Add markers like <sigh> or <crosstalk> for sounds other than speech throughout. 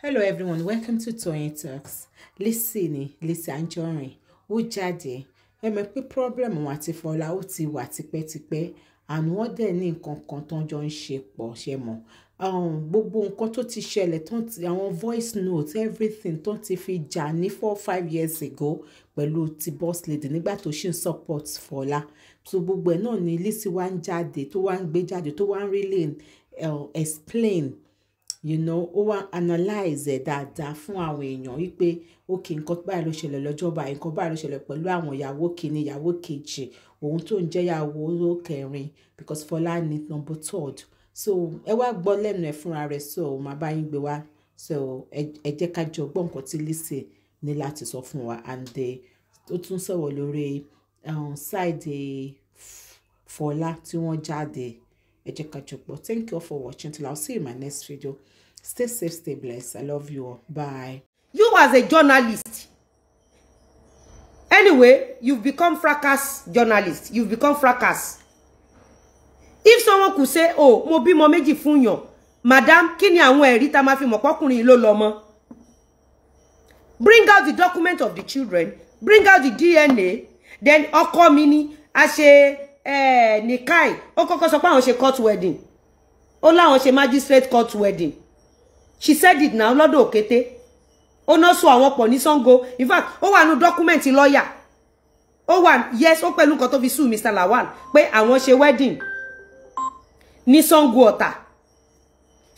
Hello everyone, welcome to Toyeen Talks. Lizzy ni Lizzy Anjorin, ó jáde. Ẹ mọ̀ pé problem wọn àti Fọlá ó ti wà tipẹ́tipẹ́ àmọ́ wọ́n dẹ̀ ní nǹkan kan tó ń jọ ń ṣe pọ̀ ṣe mọ̀. Um, gbogbo nǹkan tó ti ṣẹlẹ̀ tó ti àwọn voice note everything tó ti fi jà ní four five years ago pẹ̀lú ti boss lady nígbà tó ṣì ń support Fọlá. So gbogbo ẹ̀ náà ni Lizzy wá ń jáde tó wá ń gbé jáde tó wá ń really Really, uh, explain you know ó wá analyze ẹ̀ dáadáa fún àwọn èèyàn wípé ok nǹkan báyìí ló ṣẹlẹ̀ lọ́jọ́ báyìí nǹkan báyìí ló ṣẹlẹ̀ pẹ̀lú àwọn ìyàwó kìíní ìyàwó kejì òun tó ń jẹ́ ìyàwó kẹrin because Fọlá ní number third so ẹ wá gbọ́ lẹ́nu ẹ̀ fúnra rẹ̀ so ò máa bá yín gbé wá so ẹ jẹ́ ká jọ gbọ́ nǹkan tí Lizzy ní láti sọ fún wa and ó tún sọ̀rọ̀ lórí ṣáìdì um, Fọlá tí wọ́n jáde ẹ jẹ́ thank you all for watching till i'll see you in my next video stay safe stay blessed i love you all bye. you as a journalist anyway you've become fracas journalist you've become fracas if someone could say oh mo bímọ méjì fún yàn madam kí ni àwọn ẹ̀rí tá máa fi mọ̀ pọ́kùnrin ló lọ́mọ bring out the document of the children bring out the DNA then ọkọ mi ni a ṣe Eh, Nikai ó kọ́kọ́ sọ pé àwọn ṣe court wedding ó láwọn ṣe magistrate court wedding she said it now lọ́dọ̀ okete. O no so àwọn pọ̀ ní Sango in fact ó wà nù dọ́kúmẹ̀ntì lawyer. ó wà yes ó pẹ̀lú nǹkan tó fi sue Mr Lawal pé àwọn ṣe wedding ní Sango Ọ̀tà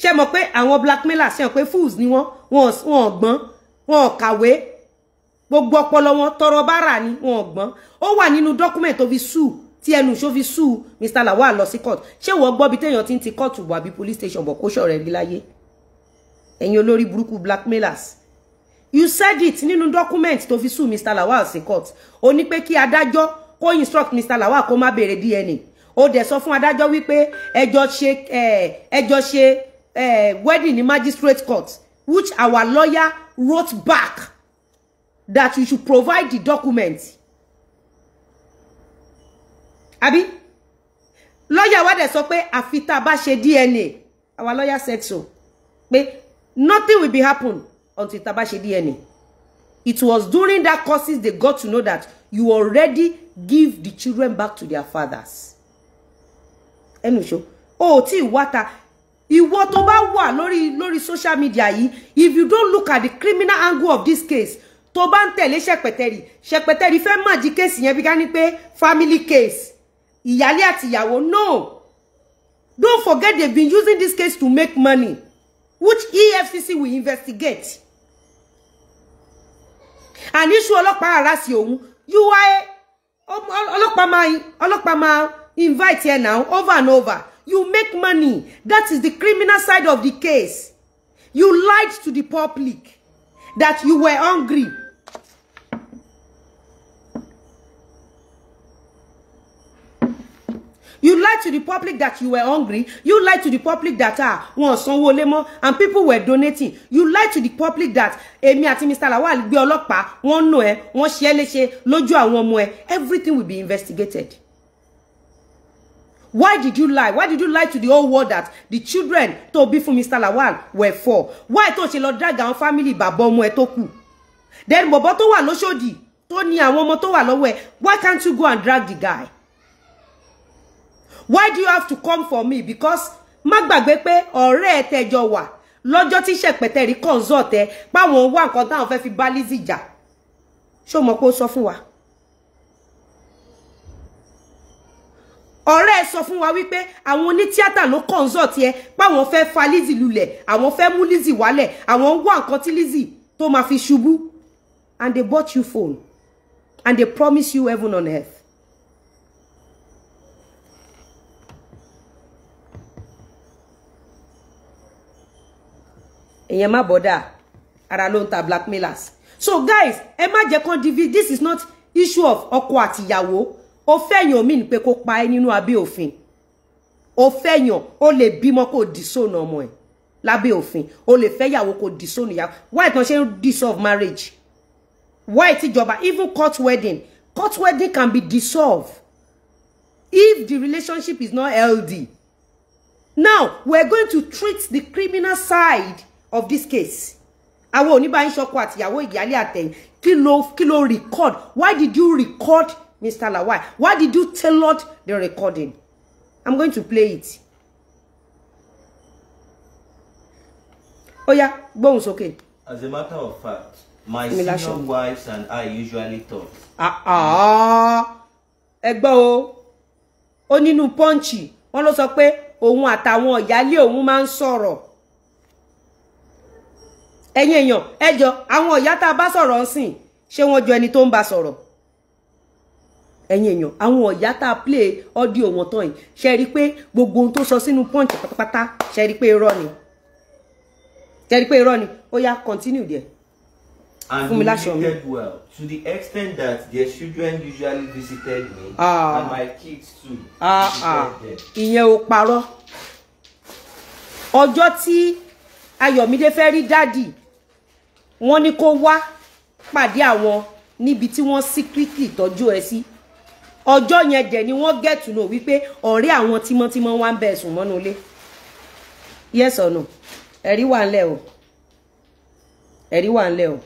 ṣe mọ̀ pé àwọn blackmailers ṣe hàn pé fools ni wọ́n wọn ò gbọ́n wọn ò kàwé gbogbo ọpọlọ wọn tọrọ bára ni wọn ò gbọ́n ó wà nínú dọ́kúmẹ̀ntì fi sue tí ẹnu ṣó fi sùn Mr Lawal lọ sí court ṣé wọ́n gbọ́ bí téèyàn ti ń ti court wà bí police station bọ̀ kó ṣọ̀rẹ́ rí láyé ẹ̀yin olórí burúkú blackmailers you said it nínú document to fi sùn Mr Lawal sí court ó ní pé kí adájọ́ kó instruct Mr Lawal kó má béèrè DNA ó dẹ̀ sọ fún adájọ́ wípé ẹjọ́ ṣe ẹjọ́ ṣe wedding ní magistrate court which our lawyer wrote back that you should provide the document àbí lọ́yà wa dẹ̀ sọ pé àfi tá a bá ṣe DNA our lawyer said so pé nothing will be happen until tá a bá ṣe DNA it was during that courses they got to know that you already give the children back to their fathers ẹnu ṣo o ò tí ì wá ta ìwọ tó bá wà lórí lórí social media yìí if you don't look at the criminal angle of this case tó bá ń tẹ̀lé ṣẹpẹtẹrì ṣẹpẹtẹrì fẹ́ máa jí kéèsì yẹn bí ká ní pé family case ìyálé àti ìyàwó no don't forget they've been using this case to make money which EFCC will investigate and issue ọlọ́pàá ara sí you are ọlọ́pàá máa ọlọ́pàá máa invite here now over and over you make money that is the criminal side of the case you lied to the public that you were hungry You lied to the public that you were hungry. You lied to the public that ah, wọ́n sanwó lé mọ́ and people were donating. You lied to the public that èmi ati Mr. Lawal gbé ọlọ́pàá, wọ́n nù ẹ́, wọ́n ṣe é léṣe lójú àwọn ọmọ Everything will be investigated. Why did you lie? Why did you lie to the whole world that the children to be for Mr. Lawal were four? Why tó ṣe lọ drag àwọn family bàbá ọmọ ẹ tó kù? Then bọ̀bọ̀ tó wà lóṣòdì tó ní àwọn ọmọ to wà lọ́wọ́ ẹ, why can't you go and drag the guy? why do you have to come for me because má gbàgbé pé ọ̀rẹ́ ẹ tẹjọ wà lọ́jọ́ tí ṣẹ̀pẹ̀tẹ̀ rí consult ẹ páwọn wá nǹkan táwọn fẹ́ fi bá Lizzy jà ṣó mọ̀ pé ó sọ fún wa. ọ̀rẹ́ ẹ sọ fún wa wípé àwọn onítíátà ló consult ẹ páwọn fẹ́ fa Lizzy lulẹ̀ àwọn fẹ́ mú Lizzy wálẹ̀ àwọn wá nǹkan tí Lizzy tó máa fi ṣubú and they bought you phone and they promise you heaven on earth èyàn má boda, ara ló ń blackmailers so guys ẹ má jẹ́ kán divi this is not issue of ọkọ àtìyàwó o fẹ́yàn mi ni pé kó pa ẹ́ nínú abẹ́ òfin o fẹ́yàn o lè bímọ kó disown ọmọ ẹ̀ lábẹ́ òfin o lè fẹ́yàwó kó disown ìyàwó why kan ṣe ń dissolve marriage why tíjọba even court wedding court wedding can be dissolve if the relationship is not healthy now we're going to treat the criminal side of this case àwọn oníbàáyín ṣọkọ àtìyàwó ìyálé àtẹ̀yìn kí ló kí ló record why did you record Mr. Lawai? why did you tell tailor the recording I'm going to play it. Oya gbóhùn sókè. As a matter of fact my senior wives and I usually talk. Ah, ah. ẹgbọ́n o ó nínú pọ́ǹchì wọ́n ló sọ pé òun àtàwọn ìyálé òun máa ń sọ̀rọ̀ ẹ̀yin èèyàn ẹ àwọn ìyá tá a bá sọ̀rọ̀ ń sìn ṣé wọ́n jọ ẹni tó ń bá sọ̀rọ̀ ẹ̀yin èèyàn àwọn ọ̀yá tá a play audio wọn tán yìí ṣe rí i pé gbogbo ohun tó sọ sínú punch pátápátá ṣe rí i pé irọ́ ni ṣe rí i pé irọ́ ni ó yá continue there. and you treated well to the extent that their children usually visited me ah. and my kids too ah, ah. ìyẹn ò parọ́ ọjọ́ tí Ayọ̀mídé fẹ́ rí dádì wọ́n ní kó wá pàdé àwọn níbi tí wọ́n secretly tọ́jú ẹ sí ọjọ́ yẹn dẹ̀ ni wọ́n get to know wípé ọ̀rẹ́ àwọn tímọ́tímọ́ wá ń bẹ̀ sùn mọ́nú ilé yes or no ẹ̀rí wà ńlẹ̀ o ẹ̀rí wà ńlẹ̀ o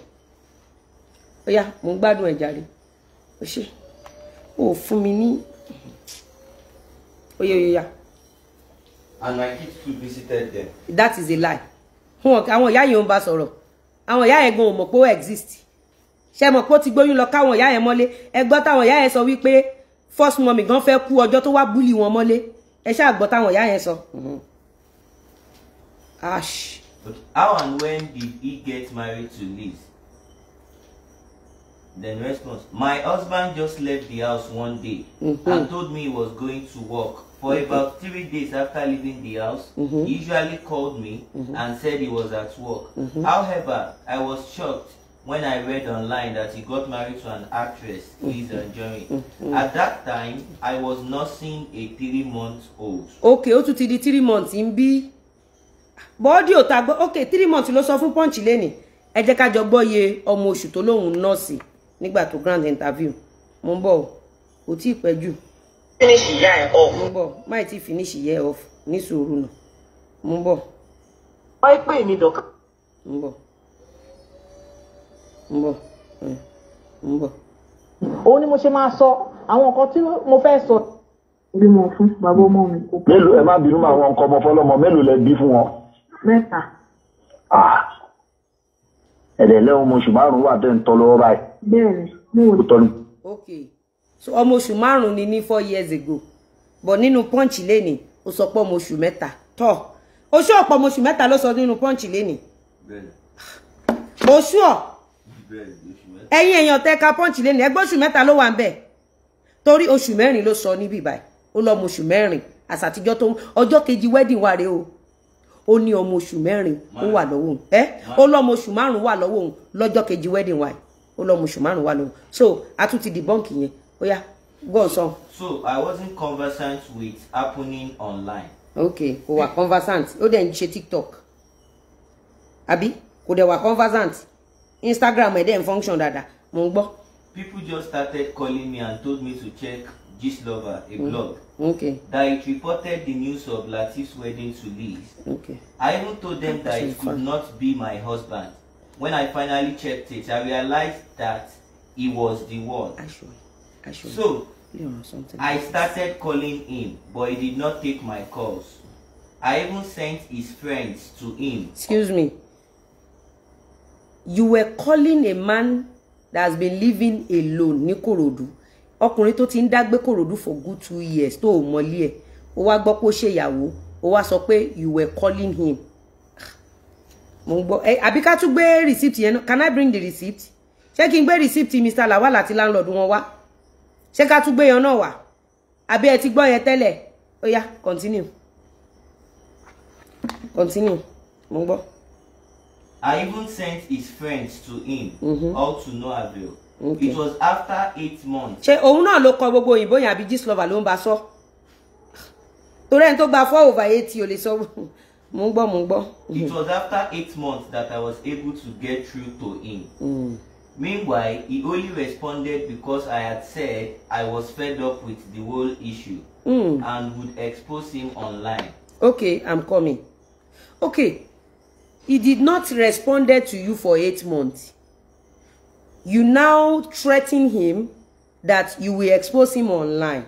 ó yá mò ń gbádùn ẹ̀ jàre ó ṣe ó fún mi ní oye oye ya. and my kids too visited them. that is a lie. àwọn ìyá yìí ń bá sọ̀rọ̀ àwọn ìyá yẹn gan mọ̀ pé ó exist ṣe mọ̀ pé ó ti gbóyún lọ káwọn ìyá yẹn mọ́lé ẹ gbọ́ táwọn ìyá yẹn sọ wípé first mummy gan fẹ́ kú ọjọ́ tó wá búlì wọn mọ́lé ẹ ṣáà gbọ́ táwọn ìyá yẹn sọ. Mm-hmm. how and when did he get married to Liz? Then response, my husband just left the house one day mm-hmm. and told me he was going to work. For mm-hmm. about three days after leaving the house, mm-hmm. he usually called me mm-hmm. and said he was at work. Mm-hmm. However, I was shocked when I read online that he got married to an actress, mm-hmm. Liz Anjorin. Mm-hmm. At that time, I was nursing a three-month-old. Okay, ó tún ti three months ń bí. Bọ́ọ̀dì ò ta gbọ́, okay, three months ló sọ fún Punch lẹ́nìí. Ẹ jẹ́ ká jọ gbọ́ iye ọmọ oṣù tó lóun nọ́ọ̀sì nígbà tó grand interview mo ń bọ̀ kò tí ì pẹ́ jù mo ń bọ̀ má ì tí ì finish yẹ off ní sùúrù nà mo ń bọ̀. wọ́n ń pè mí dọ̀kan. mo ń bọ̀ mo ń bọ̀ mo ń bọ̀. òun ni mo ṣe máa sọ àwọn nǹkan tí mo fẹ́ sọ. bímọ fún bàbá ọmọ mi. mélòó ẹ má bínú àwọn nǹkan ọmọ fọlọmọ mélòó lẹ bí fún wọn. mẹ́ta. ah ẹ̀dẹ̀lẹ́ ọmọ oṣù márùn wà tẹ́ ń tọ́ lọ́wọ́ báyìí. bẹ́ẹ̀ni mo ò tọ́nu. so ọmọ oṣù márùn ni ní four years ago but nínú punch lẹ́nìí ó sọ pé ọmọ oṣù mẹ́ta tọ́ oṣù ọ̀pọ̀ ọmọ oṣù mẹ́ta ló sọ nínú punch lẹ́nìí. Ah, oṣù ọ̀ ẹ̀yin èèyàn tẹ́ ka punch lẹ́nìí ẹgbẹ́ oṣù mẹ́ta ló wà ń bẹ̀ torí oṣù mẹ́rin ló sọ níbí báyìí ó lọ ọmọ oṣù mẹ́rin àsàtijọ́ tó ọjọ́ kejì wedding wa rèé o ó ní ọmọ oṣù mẹ́rin ó wà lọ́wọ́ òun ẹ́ ó lọ́mọ oṣù márùn wà lọ́wọ́ òun lọ́jọ́ kejì wedding wa ó lọ́mọ oṣù márùn wà lọ́wọ́ so a tún ti debunk yẹn ó yá go on song. so i wasn't conversant with happening online. ok kò wà conversant ó dẹ̀ ń ṣe tiktok àbí kò dẹ̀ wà conversant instagram ẹ̀ dẹ̀ ń function dáadáa mò ń gbọ́. people just started calling me and told me to check Gislova, a mm. blog. Okay. That it reported the news of Latif's wedding to Liz. Okay. I even told them that it could not be my husband. When I finally checked it, I realized that he was the one. Actually, actually. So, you I started calling him, but he did not take my calls. I even sent his friends to him. Excuse me. You were calling a man that has been living alone, Nikorodu. ọkùnrin tó ti ń dágbé kòròdú for good two years tó ò mọlé ẹ̀ ó wá gbọ́ pé ó ṣèyàwó ó wá sọ pé you were calling him mo ń gbọ́ ẹ àbí ká tún gbé receipt yẹn can I bring the receipt ṣé kí n gbé receipt Mr. Lawal àti landlord wọn wá ṣé ká tún gbé yẹn náà wá àbí ẹ ti gbọ́ yẹn tẹ́lẹ̀ ó yá continue continue mo ń gbọ́. I even sent his friends to him mm -hmm. all to no avail okay. it was after eight months. ṣé òun náà ló kọ gbogbo òyìnbó yẹn àbí Gistlover ló ń bá sọ torí ẹni tó gba four over eighty ò lè sọ mò gbọ́ mò gbọ́. it was after eight months that I was able to get through to him. Mm. Meanwhile, he only responded because I had said I was fed up with the whole issue mm. and would expose him online. Okay, I'm coming. Okay, he did not responded to you for eight months you now threaten him that you will expose him online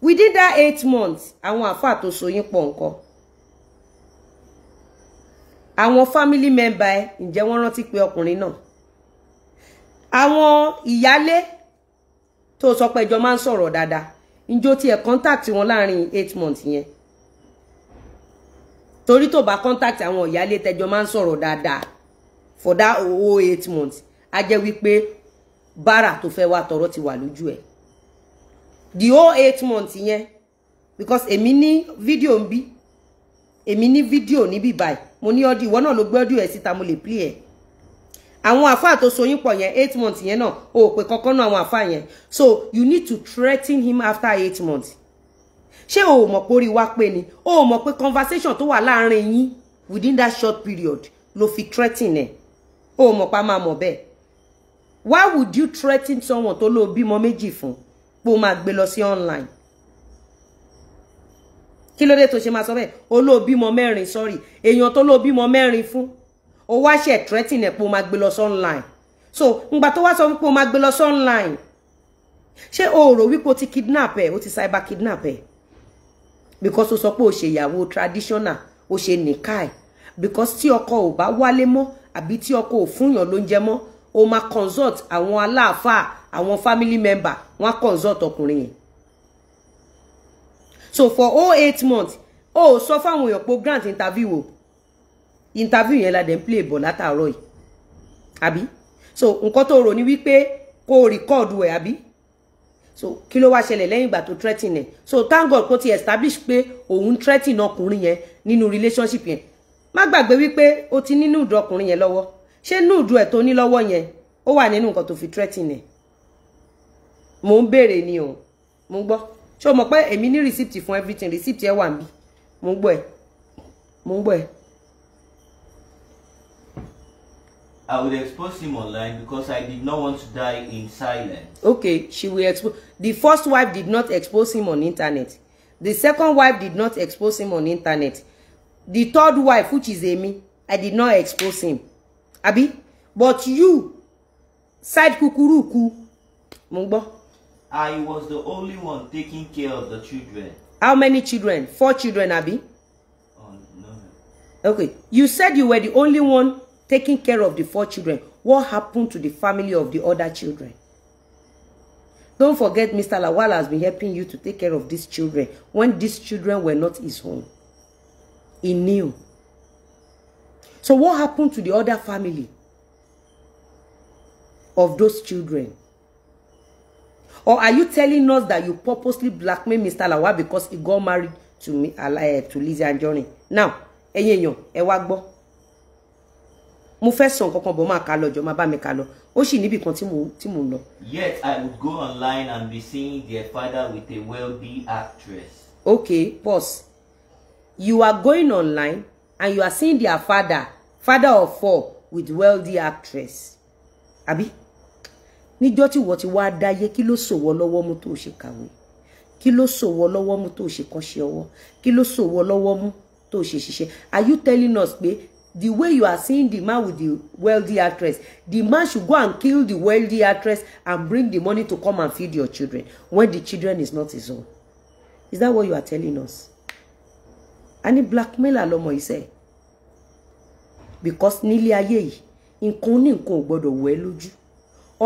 We did that eight months àwọn àfáà tó so yín pọ̀ nǹkan àwọn family member ẹ ǹjẹ́ up on it. ọkùnrin náà àwọn ìyálé tó sọ pé ẹjọ́ máa ń sọ̀rọ̀ dáadáa ǹjọ́ tiẹ̀ contact wọn láàrin eight months yẹn torí tó bá contact àwọn ìyálé tẹjọ́ máa man sọ̀rọ̀ dada. for that whole eight months á jẹ́ wípé bára tó fẹ́ wá tọrọ ti wà lójú ẹ̀ the whole eight months yẹn because èmi ní fídíò ń bí èmi ní fídíò níbí báyìí mo ní ọdún ìwọ náà ló gbé ọdún ẹ̀ síta mo lè play ẹ̀ àwọn àfáà tó so yín pọ̀ yẹn eight months yẹn náà o ò pè kankan náà àwọn àfáà yẹn so you need to threaten him after eight months ṣé o ò mọ̀ pé orí wa pé ni o ò mọ̀ pé conversation tó wà láàárín yín within that short period ló fi threaten ẹ̀ o ò mọ̀ pa máa mọ̀ bẹ́ẹ̀ why would you threaten someone tó lóò bímọ méjì fún pé o máa gbé lọ online Kilo ló to tó ṣe máa sọ bẹ́ẹ̀ o lóò bímọ mẹ́rin sorry èèyàn tó lóò bímọ mẹ́rin fún o wá ṣe threaten ẹ̀ pé o máa gbé lọ online so ngbà tó wá sọ wípé o máa gbé lọ online ṣé o rò wípé o ti kidnap ẹ o ti cyber kidnap ẹ because o sọ pé o ṣe ìyàwó traditional o ṣe nìkaì because ti oko ò bá wálé mọ́ àbí tí ọkọ ò fúnyàn ló ń jẹ mọ́ o ma consult àwọn aláàfáà àwọn family member wọn á consult ọkùnrin yẹn so for all oh eight months o oh, sọ fáwọn èèyàn pé grant interview o interview yẹn la dẹ̀ ń play bọ̀ látàárọ̀ yìí àbí so nǹkan tó rò ní wípé kó o rìkọ́ọ̀dù àbí so kí ló wá ṣẹlẹ̀ lẹ́yìn ìgbà tó threatening ẹ̀ so thank God kó ti establish pé òun threatening ọkùnrin yẹn nínú relationship yẹn má gbàgbé wípé o ti nínú ìdọkùnrin yẹn lọ́wọ́ ṣé núùdù ẹ̀ tó ní lọ́wọ́ yẹn ó wà nínú nǹkan tó fi threatening ẹ̀ mò ń béèrè ni o mò ń gbọ́ ṣé o mọ̀ pé èmi ní receipt fún everything receipt ẹ̀ wà níbí mò ń gbọ́ ẹ̀ mò ń gbọ́ ẹ̀. I will expose him online because I did not want to die in silence. Okay, she will expose. The first wife did not expose him on internet. The second wife did not expose him on internet. The third wife, which is Amy, I did not expose him. Abi, but you side kúkúrú ku mo ń I was the only one taking care of the children. How many children? Four children, Abi. Oh, no. Okay. You said you were the only one taking care of the four children. What happened to the family of the other children? Don't forget, Mr. Lawal has been helping you to take care of these children when these children were not his own. He knew. So what happened to the other family of those children? Or are you telling us that you purposely blackmailed Mr. Lawal because he got married to me, uh, to Lizzie and Johnny? Now, ẹ̀yin èèyàn, ẹ wá gbọ́. Mo fẹ́ sọ nǹkan kan bọ̀ máa kà lọ jọ máa bá mi kà lọ. Ó sì Yet I would go online and be seeing their father with a well wealthy actress. Okay, pause. You are going online and you are seeing their father father of four with wealthy actress Abi. Ni tí wọ́n ti wá dáyé kí ló sòwọ́ lọ́wọ́ mú tó ṣe kàwé kí ló sòwọ́ lọ́wọ́ mú tó ṣe kọ́ṣe ọwọ́ kí ló sòwọ́ lọ́wọ́ mú are you telling us pé the way you are seeing the man with the wealthy actress the man should go and kill the wealthy actress and bring the money to come and feed your children when the children is not his own is that what you are telling us a ní blackmailer lọmọ iṣẹ́ because nílé ayé yìí nǹkan ní nǹkan ò gbọ́dọ̀ wọ̀ ẹ́ lójú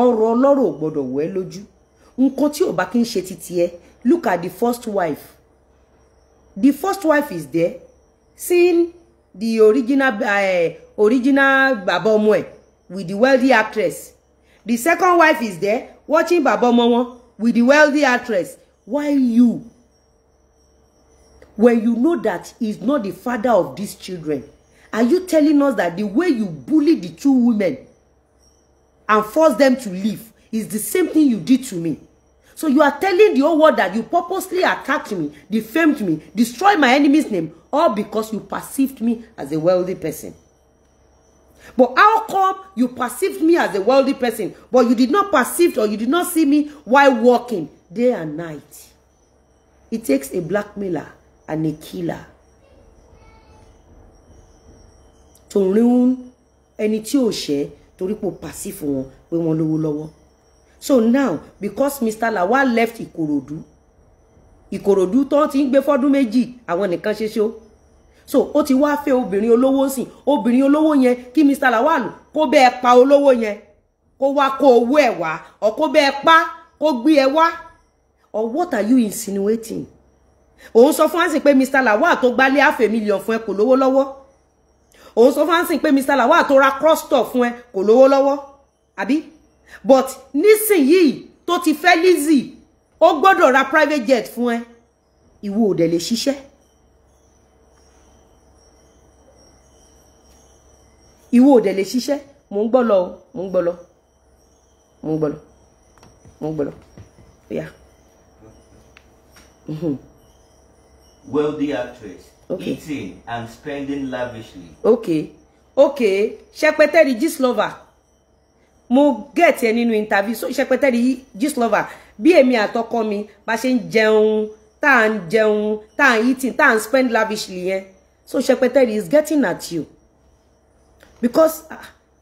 ọ̀rọ̀ ọlọ́rọ̀ ò gbọ́dọ̀ wọ̀ ẹ́ lójú nǹkan tí ò bá kí ń ṣe titi ẹ look at the first wife the first wife is there seeing the original uh, original bàbá ọmọ ẹ with the wealthy actress the second wife is there watching bàbá ọmọ wọn with the wealthy actress why you when you know that he's not the father of these children? Are you telling us that the way you bully the two women and force them to leave is the same thing you did to me? So you are telling the whole world that you purposely attacked me, defamed me, destroyed my enemy's name, all because you perceived me as a wealthy person. But how come you perceived me as a wealthy person, but you did not perceive or you did not see me while walking day and night? It takes a blackmailer and a killer. tòun ẹni tí ò ṣẹ́ torí pò pàṣẹ fún wọn pé wọ́n so now because Mr. Lawal left Ikorodu, Ikorodu tó ti ń gbé meji. méjì àwọn nìkan ṣoṣo so ó ti wá fẹ́ obìnrin olowo sìn obìnrin olówó yẹn kí Mr. Lawal kó bẹ́ẹ̀ pa olówó yẹn kó wá kó owó ẹ̀ wá ọ̀ kó bẹ́ẹ̀ pa kó gbé ẹ wá or what are you insinuating? òun sọ fún hansi pé mr lawal tó gbálé half a million fún ẹ kò lówó lọ́wọ́ òun sọ fún hansi pé mr lawal tó ra cross store fún ẹ kò lówó lọ́wọ́ àbí but nísìnyìí tó ti fẹ́ Lizzy ó gbọ́dọ̀ ra private jet fún ẹ ìwọ ò dẹ̀ lè ṣiṣẹ́ ìwọ ò dẹ̀ lè ṣiṣẹ́ mò ń gbọ́ lọ mò ń gbọ́ lọ mò ń gbọ́ lọ mò ń gbọ́ lọ ó Mm-hmm wealthy actress okay. eating and spending lavishly. okay okay ṣẹpẹtẹri lover. mo get ẹ nínú interview so ṣẹpẹtẹri Gistlover bí èmi àtọkọ mi bá ṣe ń jẹun tá à ń eating tá spend lavishly yẹn so ṣẹpẹtẹri is getting at you because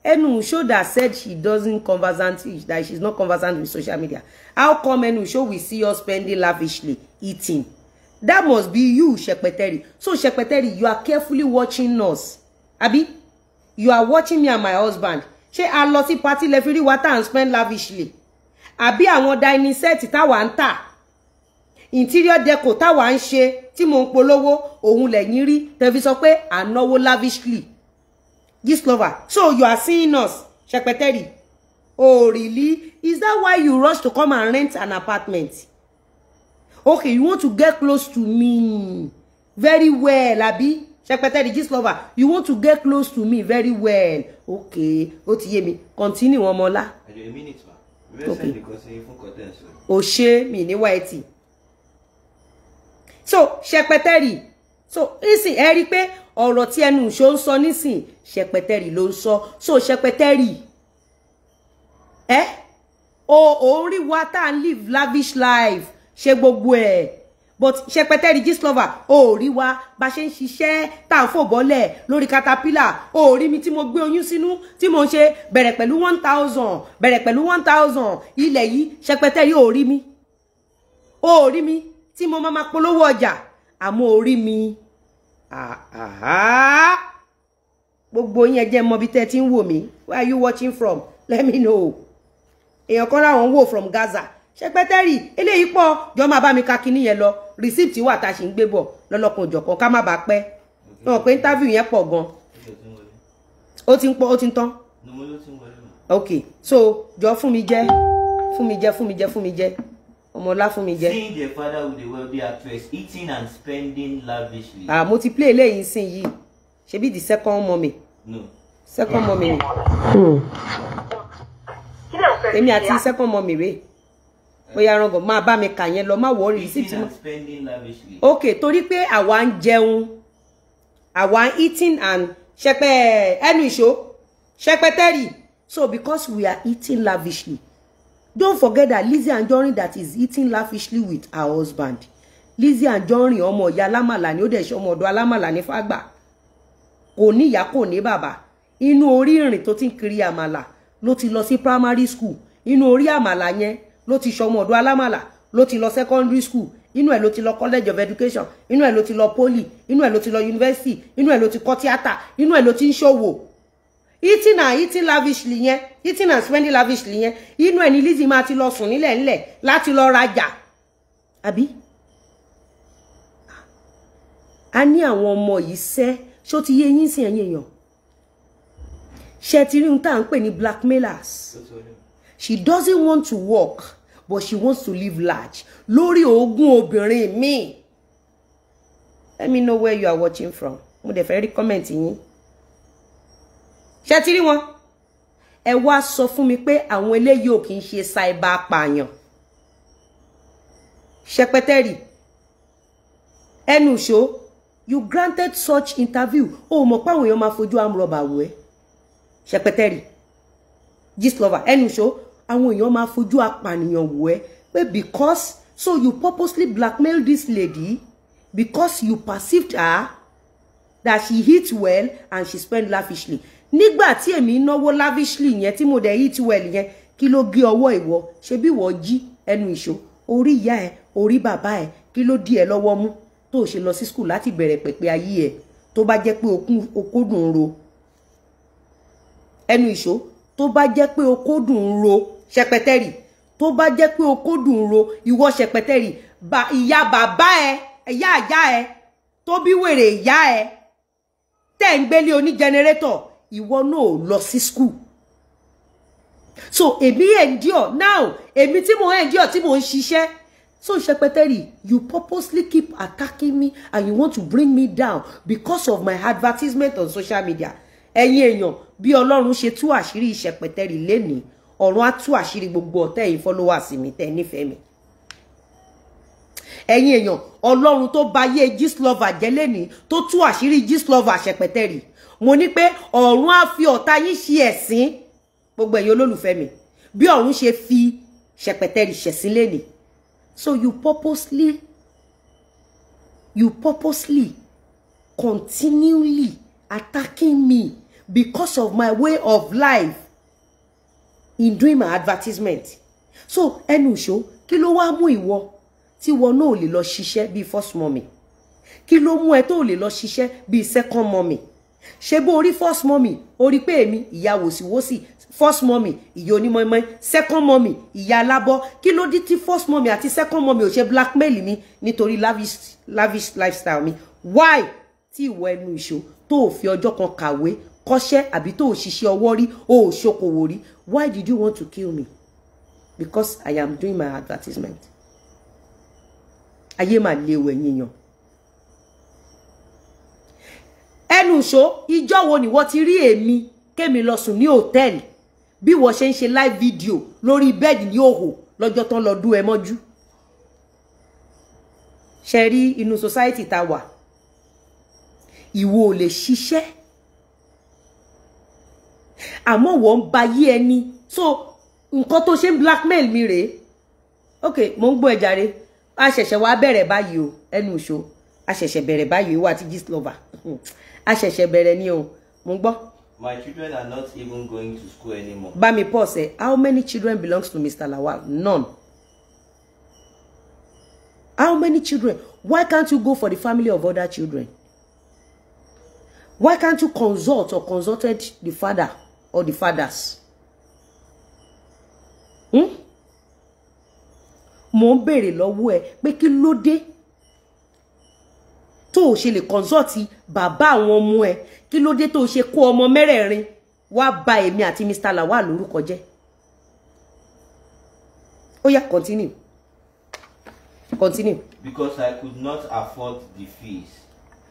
ẹnu ah, show that said she doesn't conversant that she's not conversant with social media how come Enu show we see her spending lavishly eating that must be you Shepeteri so Shepeteri you are carefully watching us abi you are watching me and my husband ṣé a lọ sí party lẹ fi rí wa tá à spend lavishly àbí àwọn dining set táwa ń tà interior deco táwa ń ṣe tí mò ń polówó òun lẹ́yìn rí tẹ̀fi sọ pé à ń náwó lavishly this lover so you are seeing us Shepeteri oh really is that why you rush to come and rent an apartment okay you want to get close to me very well Abi. ṣẹpẹtẹ the gist lover you want to get close to me very well okay ó ti yé mi continue wọn mọ́lá. ẹ̀jọ̀ èmi nìtìmá mi ò sẹ́ni so ṣẹpẹtẹrì so isi ẹ rí i pé ọ̀rọ̀ tí ẹnu ìṣó ń sọ nísìn ṣẹpẹtẹrì so ṣẹpẹtẹrì Eh? o ò ń rí wa tá live lavish life ṣe gbogbo ẹ̀ but ṣẹpẹtẹ Gistlover ò rí wa bá ṣe ń ṣiṣẹ́ tá à ń fò caterpillar ò rí mi tí mo gbé oyún sínú tí mo ń ṣe bẹ̀rẹ̀ pẹ̀lú one thousand bẹ̀rẹ̀ pẹ̀lú one thousand ilẹ̀ yìí ṣẹpẹtẹ Ri mi ò Ri mi tí mo máa polówó ọjà àmọ́ ò rí mi gbogbo yín ẹ jẹ́ mọ bí tẹ́ ti ń wò where are you watching from let me know èèyàn kan láwọn ń wò from Gaza ṣẹpẹtẹrì eléyìí pọ̀ jọ máa bá mi ka kinní yẹn lọ receipt wà tá a sì ń gbé bọ̀ lọ́lọ́kan òjọ̀kan ká má bàa pẹ́ wọn pé interview yẹn pọ̀ gan ó ti ń pọ̀ ó ti ń tán ok so jọ fún mi jẹ fún mi jẹ fún mi jẹ fún mi jẹ ọmọlá fún mi jẹ. seeing the father with the wealthy actress eating and spending lavishly. ah mo ti play eléyìí sin yìí ṣebí the second mommy. no second mommy ni. Hmm. èmi àti second mommy rèé oya rangan máa bá mi kà yẹn lọ má wọ́ọ̀rì rìsíìtì mọ́ ok torí pé àwa ń jẹun àwa ń eating and ṣẹpẹ ẹnu ìṣó ṣẹpẹtẹrì so because we are eating lavishly don't forget that Lizzie and Johnny that is eating lavishly with her husband Lizzy Anjorin ọmọ ìyá alámàlà ni ó dẹ̀ ṣe ọmọ ọ̀dọ̀ alámàlà ní fàgbà kò ní ìyá kò ní bàbá inú orí ìrìn tó ti ń kiri àmàlà ló ti lọ sí primary school inú orí àmàlà yẹn ló ti ṣọmọ ọ̀dọ̀ alámàlà ló ti lọ secondary school inú ẹ̀ ló ti lọ college of education inú ẹ̀ ló ti lọ poli inú ẹ̀ ló ti lọ university inú ẹ̀ ló ti kọ́ tíátà inú ẹ̀ ló ti ń ṣòwò eating and eating lavishly yẹn eating and spending lavishly yẹn inú ẹ̀ ní Lizzy máa ti lọ sùn nílẹ̀ nílẹ̀ láti lọ rajà àbí a ní àwọn ọmọ yìí sẹ́ ṣó ti yé yín sí ẹ̀yìn èèyàn ṣe ti rí ohun tá à ń pè ní blackmailers she doesn't want to work but she wants to live large lórí oògùn obìnrin mi let me know where you are watching from mo dẹ̀ fẹ́ rí comment yín ṣe ti rí wọn ẹ wá sọ fún mi pé àwọn eléyìí ò kì í ṣe ṣàìbá apààyàn ṣẹpẹtẹrì ẹnu ṣó you granted such interview o mọ̀ páwọn èèyàn máa fojú àmúrọ̀bà wò ẹ́ ṣẹpẹtẹrì gist lover ẹnu ṣó àwọn èèyàn máa fojú apànìyàn wò ẹ́ pé because so you purposely blackmail this lady because you perceived her that she eat well and she spend lavishly nígbà tí èmi náwó lavishly yẹn tí mo dẹ̀ eat well yẹn kí ló gé ọwọ́ ìwọ ṣebí ìwọ jí ẹnu ìṣó orí ìyá ẹ orí bàbá ẹ kí ló dí ẹ lọ́wọ́ mú tó o ṣe lọ sí skul láti bẹ̀rẹ̀ pẹ̀pẹ̀ ayé ẹ tó bá jẹ́ pé okó dùn ro ẹnu ìṣó tó bá jẹ́ pé okó dùn ro ṣẹpẹtẹrì tó bá jẹ́ pé okó dùn ro ìwọ ṣẹpẹtẹrì ìyá bàbá ẹ ìyá àyá ẹ tó bí wèrè ìyá ẹ tẹ̀ ń gbélé oní jẹnẹrétọ̀ ìwọ náà lọ sí skul so èmi endure now èmi tí mo endure tí mo ń ṣiṣẹ́ so ṣẹpẹtẹrì you purposely keep attacking me and you want to bring me down because of my advertisement on social media ẹ̀yin èèyàn bí Ọlọ́run ṣe tú àṣírí ṣẹpẹtẹrì lénìí ọ̀run á tú àṣírí gbogbo ọ̀tẹ̀ yìí followers mi tẹ́ nífẹ̀ẹ́ mi ẹ̀yin èèyàn ọlọ́run tó bá yé Gistlover jẹ́lé ní tó tú àṣírí Gistlover ṣẹpẹtẹ́rì mo ní pé ọ̀run á fi ọ̀tá yín ṣe ẹ̀sín gbogbo ẹ̀yin olólùfẹ́ mi bí ọ̀run ṣe fi ṣẹpẹtẹ́rì ṣẹ̀sín lẹ́nì so you purposely you purposely continually attacking me because of my way of life in doing my advertisement so ẹnu ìṣó kí ló wa mu iwo ti ìwọ náà ò lè lọ ṣiṣẹ́ first mommy kí ló mú ẹ tó ò lè lọ ṣiṣẹ́ second mommy Shebo ori first mommy ori pe pé èmi ìyá wòsíwòsí first mommy ìyá onímọ̀ọ́mọ́ second mommy ìyá labo kí ló dé tí first mommy ati second mommy ò ṣe blackmail mi nítorí lavish lavish lifestyle mi why ti ìwọ ẹnu ìṣó tó fi ojo kan kàwé kọ́ṣẹ́ àbí tó ò ṣiṣẹ́ ọwọ́ rí o ò ṣokòwò rí why did you want to kill me because I am doing my advertisement ayé mà léwu ẹ̀yin yàn ẹnu ìṣó ìjọ́ wo ni wọ́n ti rí èmi kémi lọ sùn ní hòtẹ́ẹ̀lì bí wọ́n ṣe ń ṣe live video lórí bẹ́ẹ̀dì ní òhò lọ́jọ́ tán lọ dún ẹ mọ́jú ṣe rí inú society ta wà ìwọ ò lè ṣiṣẹ́ àmọ́ wọ́n ń ba yé ẹni so nǹkan tó ṣe ń blackmail mi rèé ok mò ń gbọ́ ẹ jàre a ṣẹ̀ṣẹ̀ wá bẹ̀rẹ̀ báyìí o ẹnu ìṣó a ṣẹ̀ṣẹ̀ bẹ̀rẹ̀ báyìí wà tí gist lover hmm. a ṣẹ̀ṣẹ̀ bẹ̀rẹ̀ ni o mò ń gbọ́. My children are not even going to school anymore. Bami Paul say, how many children belongs to Mr. Lawal? None. How many children? Why can't you go for the family of other children? Why can't you consult or consulted the father or the fathers. Hmm? Mo ń béèrè lọ́wọ́ ẹ pé kí ló dé tó o ṣe lè kọ́nsọ́ọ̀tì bàbá àwọn ọmọ ẹ kí ló dé tó o ṣe kó ọmọ mẹ́rẹ̀ẹ̀rin wá ba èmi àti Mr. Lawal lórúkọ jẹ́ ó yá continue continue. because I could not afford the fees.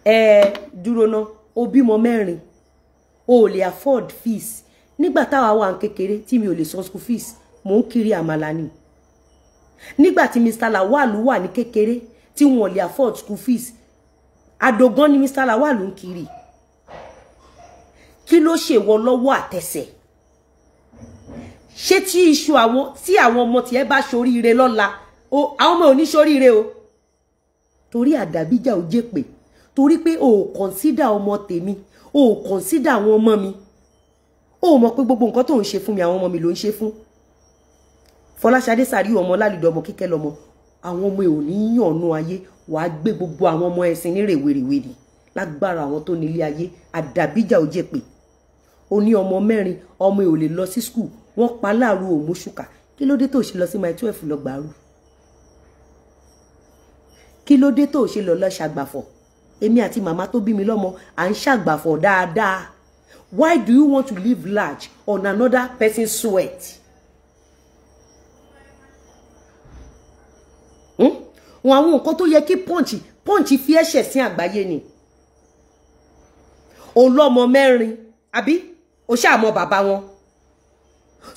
ẹ ẹ dúró ná o bímọ mẹ́rin o ò lè afford fees nígbà táwa wà ń kékeré tí mi ò lè san school fees mò ń kiri àmàlà ni nígbà tí Mr Lawal wà ní kékeré tí wọn ò lè afford school fees àdògán ni Mr Lawal ń kiri kí ló ṣèwọ lọ́wọ́ àtẹsẹ̀ ṣé tí iṣu àwọn tí àwọn ọmọ tiẹ̀ bá ṣoríire lọ́la o àwọn ọmọ ò ṣoríire o torí àdàbíjà ò jẹ́ pé torí pé o ò kọ̀nsídà ọmọ tèmi o ò kọ̀nsídà àwọn ọmọ mi o mọ̀ pé gbogbo nǹkan tó ń ṣe fún mi àwọn ọmọ mi ló ń ṣe fún Fọláṣadé Sàríù ọmọ lálùdọ ọmọ kíkẹ lọmọ àwọn ọmọ ò ní yànnú ayé wàá gbé gbogbo àwọn ọmọ ẹ̀sìn ní rèwerèwerè lágbára àwọn tó nílé ayé àdàbíjà ò jẹpè ó ní ọmọ mẹ́rin ọmọ ò lè lọ sí skul wọ́n pa láàrú òmùṣùkà kí ló dé tó ṣe lọ sí my twelve lọ gbàrú kí ló dé tó ṣe lọ lọ ṣàgbàfọ̀ èmi àti màmá tó bí mi lọ́mọ à ń ṣàgbàfọ̀ dáadáa Why do you want to live large on another person's sweat? Hmm? wọn àwọn nǹkan tó yẹ kí pọ́ǹchì pọ́ǹchì fi ẹ̀ṣẹ̀ sí àgbáyé ni òun lọ́mọ mẹ́rin àbí o ṣàmọ bàbá wọn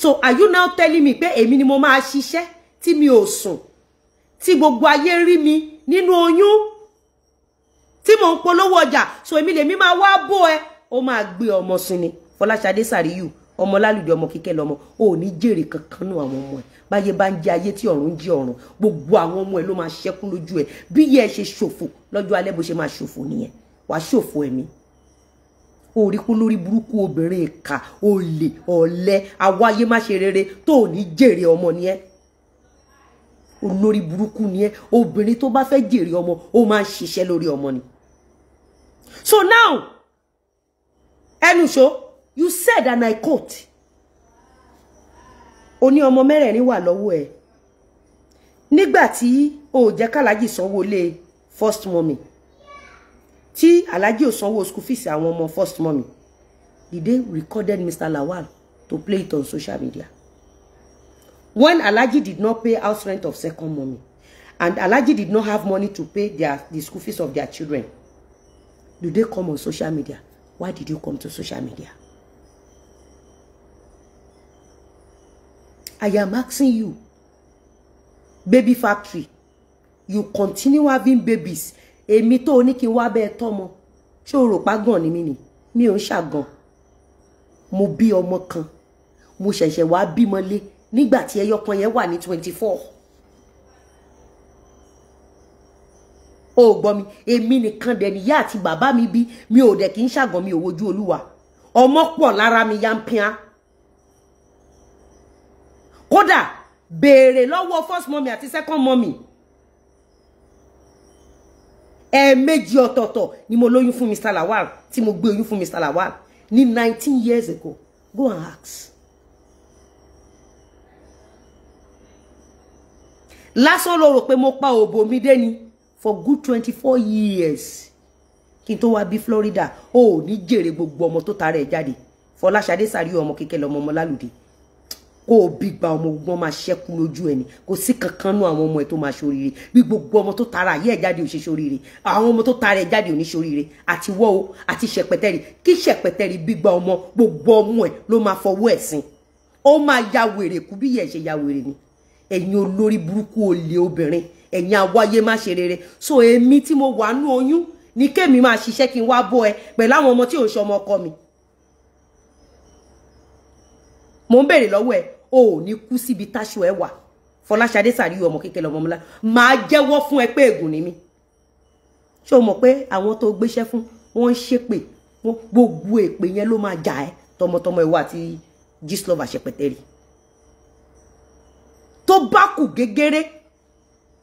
so are you now telling me pé èmi ni mo máa ṣiṣẹ́ tí mi ò sùn tí gbogbo ayé rí mi nínú oyún tí mò ń polówó ọjà so èmi lèmi máa wá bó ẹ O máa gbé ọmọ sin ni Fọláṣadé Sàríyù ọmọ lálùjọ ọmọ kíkẹ lọmọ ò ní jèrè kankan nù àwọn ọmọ ẹ báyé bá ń jẹ ayé tí ọ̀run jẹ ọ̀run gbogbo àwọn ọmọ ẹ ló máa ṣẹkù lójú ẹ bí yẹ ẹ ṣe ṣòfò lọ́jọ́ alẹ́ bó ṣe máa ṣòfò nìyẹn wàá ṣòfò ẹ̀mí orí kú lórí burúkú obìnrin ìkà olè ọ̀lẹ àwáyé má ṣe rere tó ò ní jèrè ọmọ ni o olórí burúkú ni ẹ obìnrin tó bá fẹ́ jèrè ọmọ ó máa ń ṣiṣẹ́ lórí ni so now Enusho, you said and I quote. O ní ọmọ mẹ́rẹ̀ẹ̀rin wà lọ́wọ́ ẹ̀. Nígbà tí o jẹ́ kálájì sanwó lé first mommy. Tí alájì ò sanwó school fees àwọn ọmọ first mommy. The day recorded Mr. Lawal to play it on social media. When Alaji did not pay house rent of second mommy, and Alaji did not have money to pay their, the school fees of their children, do they come on social media why did you come to social media? I am asking you, baby factory, you continue having babies. Èmi tó ní kí tomo. wá bẹ́ẹ̀ tọ́mọ. pa gan ni mí ni? Mi ò ń ṣàgàn. Mo bí ọmọ kan. Mo ṣẹ̀ṣẹ̀ wá bímọ lé nígbà tí ẹyọ kan yẹn wà ní twenty four. o ò gbọ́ mi èmi nìkan dẹ̀ níyá àti bàbá mi bí mi ò dẹ̀ kí n ṣàgàn mi ò wojú olúwa ọmọ pọ̀ lára mi yánpíá kódà béèrè lọ́wọ́ first mummy àti second mummy ẹ̀ẹ̀mejì ọ̀tọ̀ọ̀tọ̀ ni mo lóyún fún Mr. Lawal tí mo gbé oyún fún Mr. Lawal ní nineteen years ago go and ask. lásán ló rò pé mo pa òbò mi dé ni for good twenty four years kí n tó wá bí Florida ó ò ní jèrè gbogbo ọmọ tó tara ẹ̀ jáde Fọláṣadé sàrí ọmọ kékeré ọmọ ọmọ lálùdé kó o bí gba ọmọ gbogbo máa ṣẹ́kù lójú ẹni kò sí kankan nú àwọn ọmọ ẹ̀ tó máa ṣoríire bí gbogbo ọmọ tó tara ayé ẹ̀ jáde ò ṣe ṣoríire àwọn ọmọ tó tara ẹ̀ jáde ò ní ṣoríire àti wọ́ o àti ṣẹ̀pẹ̀tẹ̀rì kí ṣẹ̀pẹ̀tẹ̀rì gbígba ọmọ gbogbo ọmọ ẹ̀ ló máa fọwọ́ ẹ̀ sìn ó máa ya wèrè kú bí yẹ̀ ṣe ya wèrè ni ẹ̀yin olórí burúkú olè obìnrin ẹ̀yin àwáyé má ṣe rere so èmi tí mo wà nú oyún ni kémi máa ṣiṣẹ́ kí n wá bọ́ ẹ pẹ̀lú àwọn ọmọ tí ò ń ṣe ọkọ mi mo ń béèrè lọ́wọ́ ẹ o ò ní kú síbi táṣọ ẹ wà Fọláṣadé Sàríù ọmọ kékeré ọmọ ọmọlá máa jẹ́wọ́ fún ẹ pé ègùn ni mí ṣé o mọ̀ pé àwọn tó gbéṣẹ́ fún wọ́n ń ṣépè wọ́n gbogbo èpè yẹn ló máa jà ẹ́ tọmọtọmọ ìwà àti Gistlover ṣẹpẹtẹ tó bá kù gégéré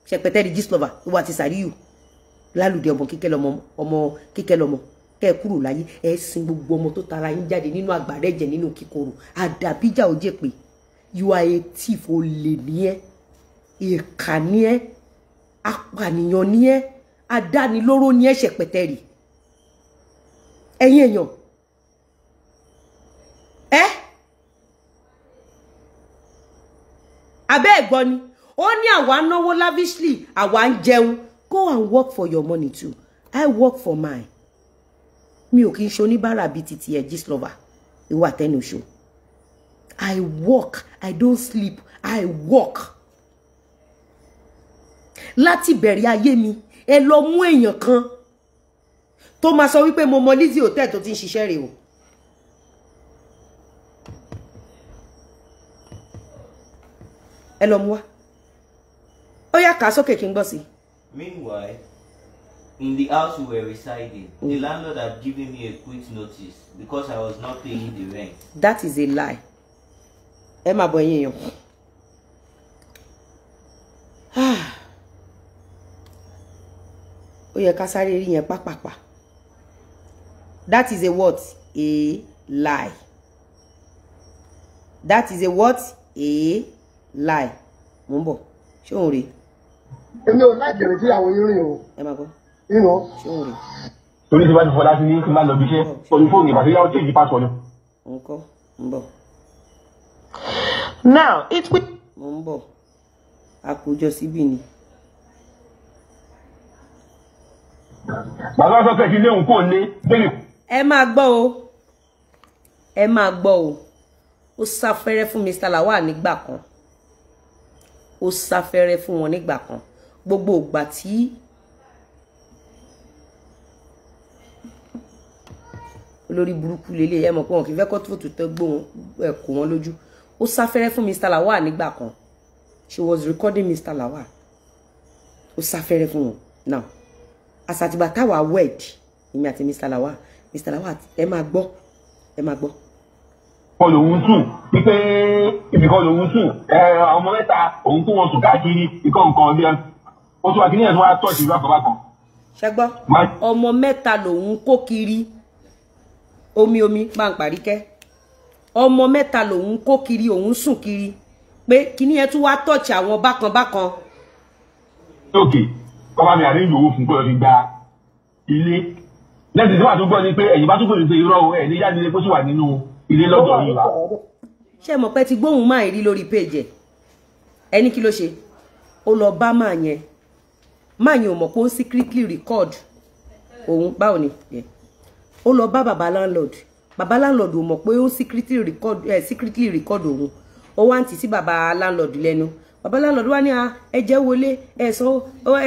ṣẹpẹtẹrì gíslọva ìwà àti sàríyù lálùdẹ ọmọ kíkẹ lọmọ ọmọ kíkẹ lọmọ kẹ ẹ kúrò láyé ẹ sin gbogbo ọmọ tó tara yín jáde nínú àgbàdo ẹ̀jẹ̀ nínú kíkorò àdàbíjà ò jẹ́ pé you are a thief o lè ní ẹ ìkà ní ẹ apànìyàn ní ẹ adánilóró ní ẹ ṣẹpẹtẹrì ẹ̀yin èèyàn ẹ abẹ́ ẹ̀gbọ́n ni ó ní àwa náwó lavishly àwa ń jẹun go and work for your money too i work for mine mi ò kí n ṣe oníbàárà bíi titi ẹ Gistlover ìwà tẹnu ṣo i work i don't sleep i work láti bẹ̀rẹ̀ ayé mi ẹ lọ mú èèyàn kan tó máa sọ wípé mo mọ Lizzy hotel tó ti ń ṣiṣẹ́ rè o. ẹ lọ mú wa ó yá kà á sókè kí n gbọ́ sí. meanwhile in the house we were residing mm. the landlord had given me a quick notice because i was not paying the rent. that is a lie ẹ máa bọ ẹyin èèyàn. <sighs> ó yẹ ká sáré rí yẹn pápápá that is a what a lie that is a what a lie mo ń bọ̀ ṣé òun rèé èmi ò láìkè rè àwọn yín o. inú. torí ti bá ti fọlá sí ní ìpínlẹ̀ lọ́bí iṣẹ́ orí fóònù ìbàdí tí èyí pàṣọ ni. n kọ́ ń bọ̀. now it will. mo ń bọ̀ àkójọ síbí ni. bàbá sọ pé kí ilé òun kò ní bẹ́ẹ̀ ẹ máa gbọ́ o ẹ máa gbọ́ o ó sáfẹ́rẹ́ fún Mr. Lawal nígbà kan ó sáfẹ́rẹ́ fún wọn nígbà kan gbogbo ìgbà tí olórí burúkú lélẹ̀ ẹ mọ̀ pé wọn kì í fẹ́ kọ́ tó tòótọ́ gbó ẹ̀ kó wọn lójú ó sáfẹ́rẹ́ fún Mr Lawa nígbà kan she was recording Mr Lawa. ó sáfẹ́rẹ́ fún wọn now àsàtìgbà táwa wed èmi àti Mr Lawa. Mr Lawa ẹ máa gbọ́ ẹ máa gbọ́ kọ lòun sùn wípé ibì kan lòun sùn ọmọ mẹ́ta òun tún wọn sùn káàkiri ìkọ́ nǹkan ọ̀dẹ́ oṣù àkíní ẹ̀ tó wá tọ̀sí ìlú àkọ́bá kan. ṣẹgbọ́ ọmọ mẹ́ta lòun kó kiri omi omi máa ń parí kẹ́ ọmọ mẹ́ta lòun kó kiri òun sùn kiri pé kíní ẹ̀ tún wá tọ̀sí àwọn bákan bákan. lókè ọba mi àríyìn owó fún gbọ́dọ̀ fi gba ilé lẹ́sìn tí wàá tún gbọ́ ni pé ẹ̀yìn bá tún gbòdì pé irọ́ ẹ̀ níyà nílé ilé lọ́dọ̀ yìí. ṣé mo pẹ́ ti gbóhùn máa rí lórí péjì ẹ̀ ẹni kí ló ṣe ó lọ bá máa yẹn máa yẹn ò mọ̀ pé ó secretly record òun báwo ni ó lọ bá bàbá landlord bàbá landlord ò mọ̀ pé ó secretly record eh, secretly record òun ó wá ń tì sí bàbá landlord lẹ́nu bàbá landlord wá ní a ah, ẹ jẹ́ wọlé ẹ sọ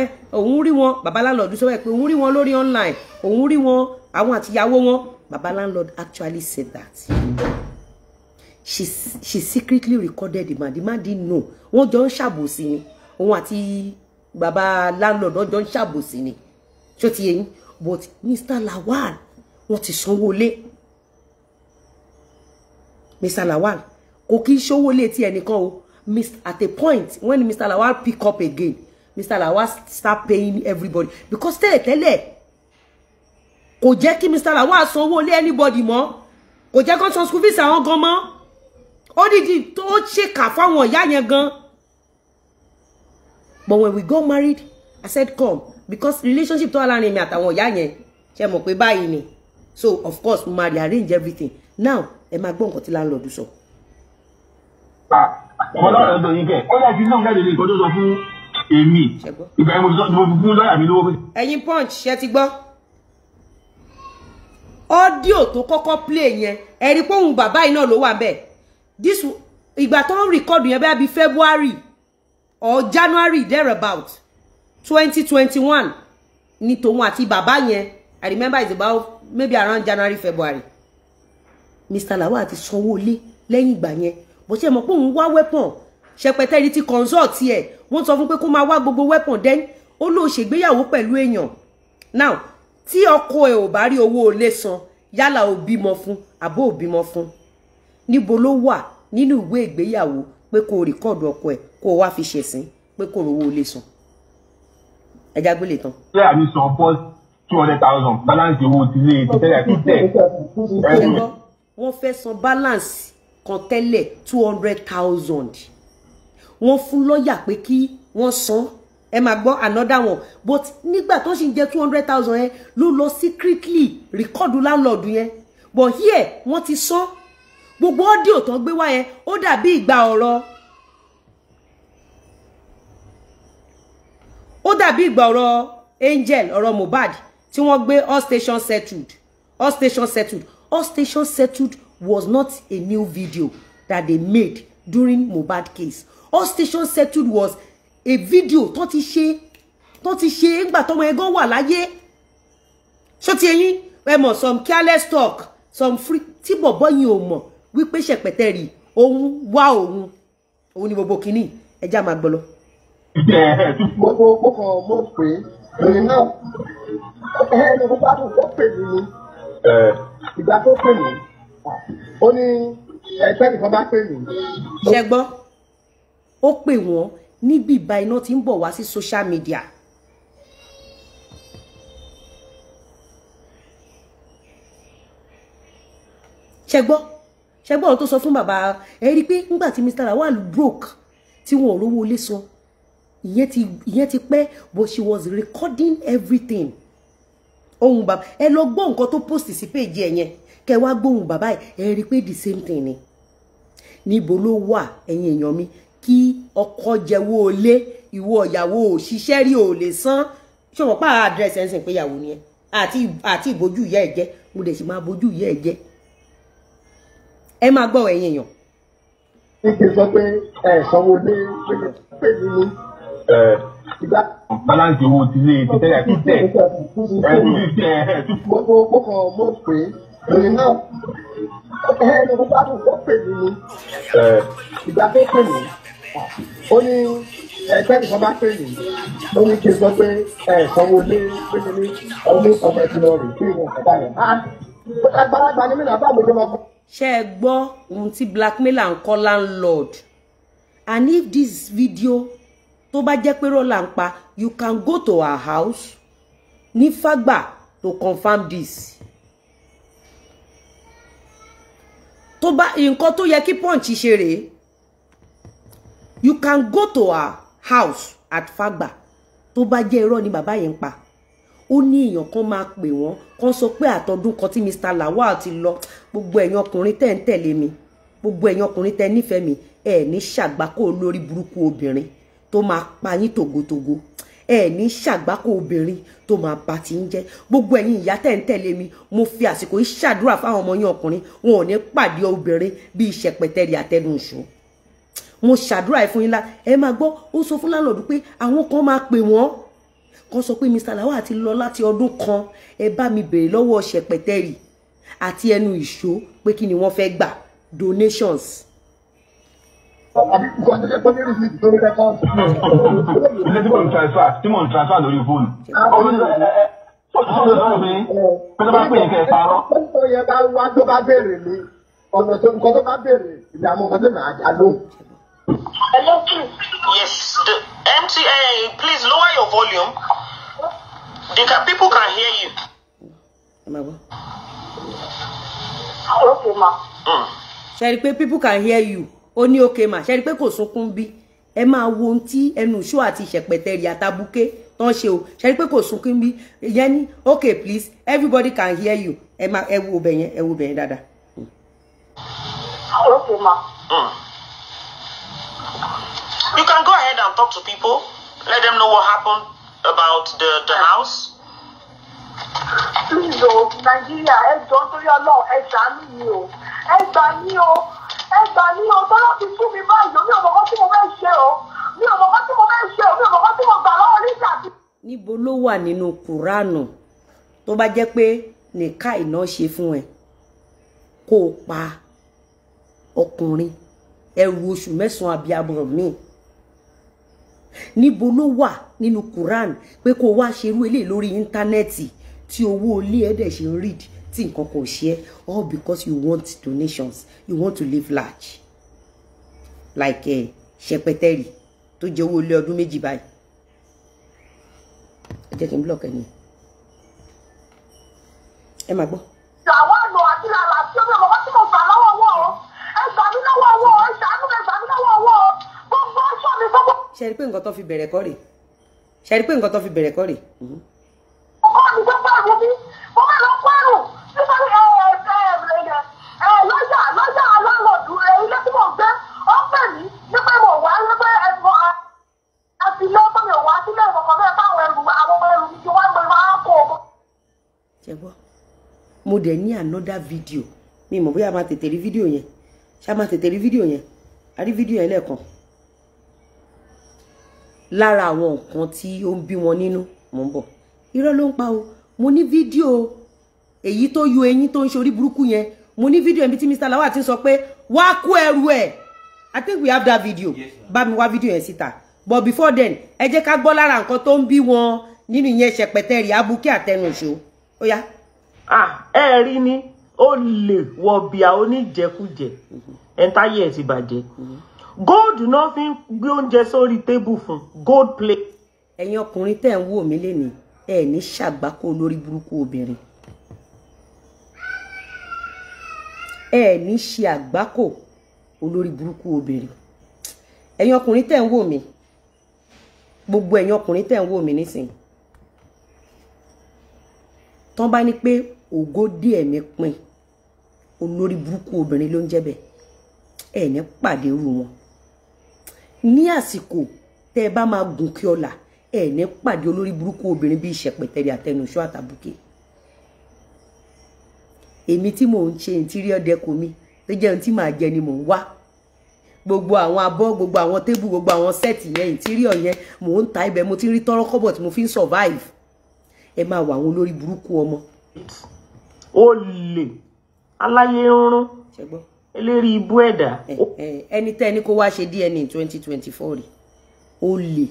ẹ òun rí wọn bàbá landlord sọ ẹ pé òun rí wọn lórí online òun rí wọn àwọn àtìyàwó wọn Baba landlord actually said that. She, she secretly recorded the man. The man didn't know. Wọ́n jọ ń ṣàbòsí ni. ati, baba landlord wọ́n jọ ń ṣàbòsí ni. Ṣó But Mr. Lawal wọ́n ti sanwó lé. Mr. Lawal kò kí ṣówó lé tí ẹnìkan o. At a point when Mr. Lawal pick up again, Mr. Lawal start paying everybody because tẹ́lẹ̀tẹ́lẹ̀ kò jẹ́ kí Mr. Lawal san owó lé anybody mọ́ kò jẹ́ kó san school fees àwọn gan mọ́ ó dìdí tó ṣèkà fáwọn ìyá yẹn gan but when we got married I said come because relationship tó wà láàrin mi àtàwọn ìyá yẹn ṣe mọ̀ pé báyìí ni so of course mo máa arrange everything now ẹ máa gbọ́ nǹkan tí láńlọ́ọ̀dù sọ. ọmọ lọ́dọ̀ ọdọ yín kẹ́ ó yà kí náà jáde ní nǹkan tó sọ fún èmi ìgbà yẹn mo ti sọ fún lọ́ọ̀yà mi lówó. ẹ̀yin punch ṣe ti gbọ́ ọ́díò tó kọ́kọ́ play yẹn ẹ̀rí pòun bàbá yìí náà ló wà bẹ́ẹ̀ this ìgbà tó ń rìkọ́dù yẹn bẹ́ẹ̀ bíi February or January thereabout twenty twenty one ni tòun àti bàbá yẹn I remember it's about maybe around January February Mr. Lawal àti Sanwó-Olé lẹ́yìn ìgbà yẹn bó ṣe mọ̀ pé òun wá weapon ṣẹpẹtẹ ní ti consult ẹ̀ wọ́n sọ fún pé kó máa wá gbogbo weapon then ó lóò ṣègbéyàwó pẹ̀lú èèyàn now tí ọkọ ẹ ò bá rí owó ilé san yálà ò bímọ fún àbó ò bímọ fún níbo ló wà nínú ìwé ìgbéyàwó pé kó o rìkọ́ọ̀dù ọkọ ẹ kó o wá fi ṣẹ̀sín pé kó rówó ilé san ẹja gbélé tán. ṣé àmì sọ fọ́ two hundred thousand balance owó tilé ti tẹ́lẹ̀ tó tẹ̀. wọ́n fẹ́ san balance kan tẹ́lẹ̀ two hundred thousand wọ́n fún lọ́ọ̀yà pé kí wọ́n san ẹ máa gbọ́ another one but nígbà tó sì ń jẹ́ two hundred thousand yẹn ló lọ secretly rìkọ́dù landlord yẹn but here wọ́n ti sọ gbogbo ọ́díò tó ń gbé wá yẹn ó dàbí ìgbà ọ̀rọ̀ ó dàbí ìgbà ọ̀rọ̀ angel ọ̀rọ̀ mohbad tí wọ́n gbé all station settled all station settled all station settled was not a new video that they made during mohbad case all station settled was a video tán ti ṣe tán ti ṣe ńgbà tọmọ ẹgán wà láyé ṣó ti eyín ẹ mọ̀ some careless talk some free tí bọ̀bọ́ yìí ò mọ̀ wípé ṣẹ̀pẹ̀tẹ̀ rí òun wá òun òun ni gbogbo kínní ẹja máa gbọ́ lọ. mo mo mo kàn mọ̀ pé èyí náà ẹ ẹ mo bá tó pè mí ni ìgbà tó pè mí ó ní ẹgbẹ́ nìkan bá pè mí. ṣẹ́gbọ́n ó pè wọ́n níbi ìbá iná tí ń bọ̀ wá sí social media. ṣẹgbọ́ ṣẹgbọ́ ọ̀rọ̀ tó sọ fún bàbá ẹ rí i pé nígbà tí Mr. Lawal broke tí wọn ò rówó lé san ìyẹn ti ìyẹn ti pẹ́ but she was recording everything ohun bàbá ẹ lọ gbọ́ nǹkan tó post sí péjì ẹ̀ yẹn kẹ wá gbóhùn bàbá ẹ rí i pé the same thing ni níbo ló wà ẹ̀yin èèyàn mi kí ọkọ jẹ́wọ́ ilé ìwọ ìyàwó òṣìṣẹ́ rí ò san ṣọwọ́ pa àdírẹ́sì ẹ̀sìn pé ni ẹ àti àti ìbojú ìyá ẹ̀ jẹ́ mo dẹ̀ sì máa bojú ìyá ẹ̀ jẹ́ ẹ máa gbọ́ ẹ̀yin èèyàn. ike sọ pé ẹ dé pé nínú ìgbà balance owó ti lé ti tẹ́lẹ̀ ti tẹ̀ ẹ ti tẹ̀ ẹ ti fún. mo mo mọ̀ pé èyí náà ẹ ẹ ló bá tún fọ́ pè mí ni ìgbà tó pè mí ó ní ẹgbẹ́ nìkan bá pè yìí ó ní kí n sọ pé ẹ sanwó lé pé ní ọdún ọmọ ẹtì lọ rè kí ìwọ̀n ọ̀gá yẹn á ah, àgbàlagbà ni mí náà bá àgbèjọba kọ. ṣé ẹ gbọ́ ohun tí blackmailer ń kọ́ landlord and if this video tó bá jẹ́ pé rọ́là ń pa you can go to our house ní fàgbà to confirm this. tó bá nǹkan tó yẹ kí punch ṣe rèé you can go to her house at Fagba tó bá jẹ́ irọ́ ni bàbá yẹn ń pa ó ní èèyàn kan máa pè wọ́n kan sọ pé àtọdún kan tí Mr Lawal ti lọ gbogbo ẹ̀yin ọkùnrin tẹ́ ń tẹ̀lé mi gbogbo ẹ̀yin ọkùnrin tẹ́ nífẹ̀ẹ́ mi ẹ̀ ní ṣàgbákò lórí burúkú obìnrin tó máa pa yín tògótògó ẹ ní ṣàgbákò obìnrin tó máa bá ti ń jẹ gbogbo ẹ̀yin ìyá tẹ́ ń tẹ̀lé mi mo fi àsìkò yìí ṣàdúrà fáwọn ọmọ yín ọkùnrin wọn ò ní pàdé obìnrin bíi ṣẹpẹtẹrì àtẹnu mo ṣàdúrà ẹ̀ fún yín la ẹ máa gbọ́ ó sọ fún láńlọ́ọ̀dù pé àwọn kan máa pè wọ́n kan sọ pé Mr. Lawal ti lọ láti ọdún kan ẹ bá mi béèrè lọ́wọ́ ṣẹpẹtẹ́rì àti ẹnu ìṣó pé kí ni wọ́n fẹ́ gbà donations. Mo ń ń transfer lórí pẹ̀lú bá pè é kẹ́ ẹ parọ́. ó yẹ ká wá tó bá béèrè mi ọ̀nà tó nǹkan tó bá béèrè ìdààmú kan tó nà á jà lóhùn. Hello, Yes, the MTA, please lower your volume. The can, people can hear you. Okay, ma. Mm. Ṣé pé people can hear you. Ó ní okay ma. Ṣé rí pé kò sunkún bí. Ẹ máa wo ohun tí ẹnu ìṣó àti ìṣẹ̀pẹ̀tẹ̀rì àtàbùké tán ṣe o. Ṣé pé kò sunkún bí. Ìyẹn ní okay please everybody can hear you. Ẹ máa ẹ wo bẹ̀yẹn ẹ wo bẹ̀yẹn dáadáa. Okay ma. Mm. You can go ahead and talk to people. Let them know what happened about the, the house. Please o, oh, Nàìjíríà ẹ jọ nítorí Ọlọ́run ẹ ṣàánú mi o. Ẹ gbà mí o, ẹ gbà mí o, bọ́lá ti fún mi báyìí mi ò mọ̀kọ́ tí mo fẹ́ ṣe o. Mi ò mọ̀kọ́ tí mo fẹ́ ṣe o, mi ò mọ̀kọ́ tí mo gbà lọ́wọ́ nígbà tí. Níbo ló wà nínú Kùránù tó bá jẹ́ pé nìka iná ṣe fún ẹ kó o pa ọkùnrin? ẹrù oṣù mẹ́sàn-án abiyamọ mi níbo ló wà nínú Quran pé kó wá ṣerú eléyìí lórí íńtánẹ́ẹ̀tì tí owó ilé ẹ̀dẹ̀ ṣe ń read tí nǹkan kan ò ṣe é all because you want donations you want to live large like ẹ eh, ṣẹpẹtẹrì tó jẹ owó ilé ọdún méjì báyìí ẹ jẹ́ kí n block ẹni ẹ máa gbọ́. ṣe rí pé nǹkan tó fi bẹ̀rẹ̀ kọ́ rè ṣe rí pé nǹkan tó fi bẹ̀rẹ̀ kọ́ rè. ọkọ mi gbọ́ pé àwọn mi mo máa lọ pẹ́rù nípa lọ́jà lọ́jà alálọ́dù ilé tí mò ń gbé ó pè mí nípa mo wà nípa ẹ̀fọ́ àti ilé ọkọ mi ò wá sílẹ̀ ìkọ̀kọ̀ bẹ́ẹ̀ báwọn ẹrù àwọn ẹrù mi ti wá gbé máa kó o. jẹ́gbọ́ mo dẹ̀ ní another video mi mọ̀ bóyá a máa tètè rí fídíò yẹn ṣá máa tètè rí fídíò yẹn a rí fídíò yẹn lẹ́ẹ̀kan lára àwọn nǹkan tí ó ń bí wọn nínú mò ń bọ̀ irọ́ ló ń pa o mo ní fídíò èyí tó yọ eyín tó ń ṣorí burúkú yẹn mo ní fídíò ẹbí tí Mr. Lawal ti sọ pé wá kó ẹrù ẹ I think we have that video bá mi wá fídíò yẹn síta but before then ẹ jẹ́ ká gbọ́ lára nǹkan tó ń bí wọn nínú ìyẹn ṣẹpẹtẹ rí abuké àtẹnu ìṣó ó yá. ẹ rí ni ó lè wọ bíà oníjẹkújẹ mm-hmm. ẹ̀ńtáyé ẹ̀ ti bàjẹ́. Mm -hmm gold náà fi ń gbé oúnjẹ sórí tébù fún gold plate. ẹ̀yin ọkùnrin tẹ́ ẹ̀ ń wò mí lénìí ẹ̀ ní ṣàgbákò lórí burúkú obìnrin ẹ̀ ní ṣe àgbákò olórí burúkú obìnrin ẹ̀yin ọkùnrin tẹ́ ń wò mí gbogbo ẹ̀yin ọkùnrin tẹ́ ń wò mí nísìnyí tán bá ní pé ògo dí ẹ̀mí pin olórí burúkú obìnrin ló ń jẹ́ bẹ́ẹ̀ ẹ̀ ní pàdé irú wọn ní àsìkò tẹ́ ẹ bá máa gùn kí ọlà ẹ ní pàdé olórí burúkú obìnrin bíi ìṣẹ̀pẹ̀tẹ̀rẹ̀ àtẹnusọ àtàbùkẹ èmi tí mò ń ṣe interior deco mi tó jẹ́ ohun tí màá jẹ ni mò ń wá gbogbo àwọn abọ́ gbogbo àwọn tébù gbogbo àwọn sẹ́ẹ̀tì yẹn interior yẹn mò ń ta ibẹ̀ mo ti rí tọ́rọ́ kọ́bọ̀ tí mo fi ń survive ẹ máa wà àwọn olórí burúkú ọmọ. olè aláyé ń rún. ṣẹgbọ́n eléri ibú ẹ̀dá. Eh, eh, ẹni tẹ́ ẹni kó wá ṣe dna twenty twenty four rí olè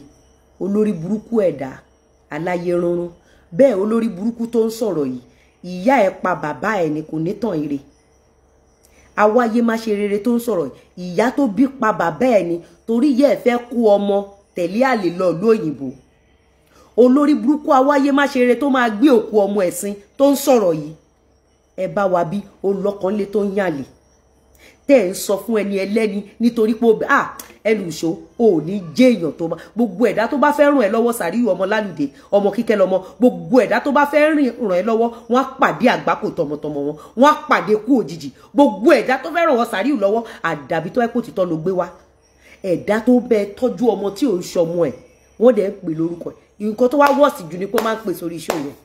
olórí burúkú ẹ̀dá aláyé rúnrún bẹ́ẹ̀ olórí burúkú tó ń sọ̀rọ̀ yìí ìyá ẹ̀ pa bàbá ẹ̀ ni kò ní tàn ire awáyé má ṣe rere tó ń sọ̀rọ̀ ìyá tó bí pa bàbá ẹ̀ ni torí yẹ́ ẹ̀ fẹ́ kó ọmọ tẹ̀lé àlè lọ lóyìnbó olórí burúkú awáyé má ṣe rere tó máa gbé òkú ọmọ ẹ̀sìn tó ń sọ̀rọ̀ yìí ẹ bá wa bí olọ́kànlé tó ń yàlè tẹ́ ẹ̀ ń sọ fún ẹni ẹlẹ́ni nítorí pé ó bẹ ah ẹlùṣó ò ní jẹ́ èèyàn tó ma gbogbo ẹ̀dá tó bá fẹ́ ràn ẹ́ lọ́wọ́ sàríyù ọmọ lálùdé ọmọ kíkẹ́ lọ́mọ gbogbo ẹ̀dá tó bá fẹ́ ràn ẹ́ lọ́wọ́ wọ́n á pàdé àgbákò tọmọtọmọ wọn wọ́n á pàdé kú òjijì gbogbo ẹ̀dá tó fẹ́ ràn wọ́n sàríyù lọ́wọ́ àdàbí tó ẹ̀kọ́ títọ́ ló gbé wá ẹ̀dá tó bẹ tọ́jú ọmọ tí ò ń ṣọmọ ẹ̀ wọ́n dẹ̀ ń pè lórúkọ nǹkan tó wá wọ̀sì jù ni pé ó máa ń pè sórí iṣẹ́ òun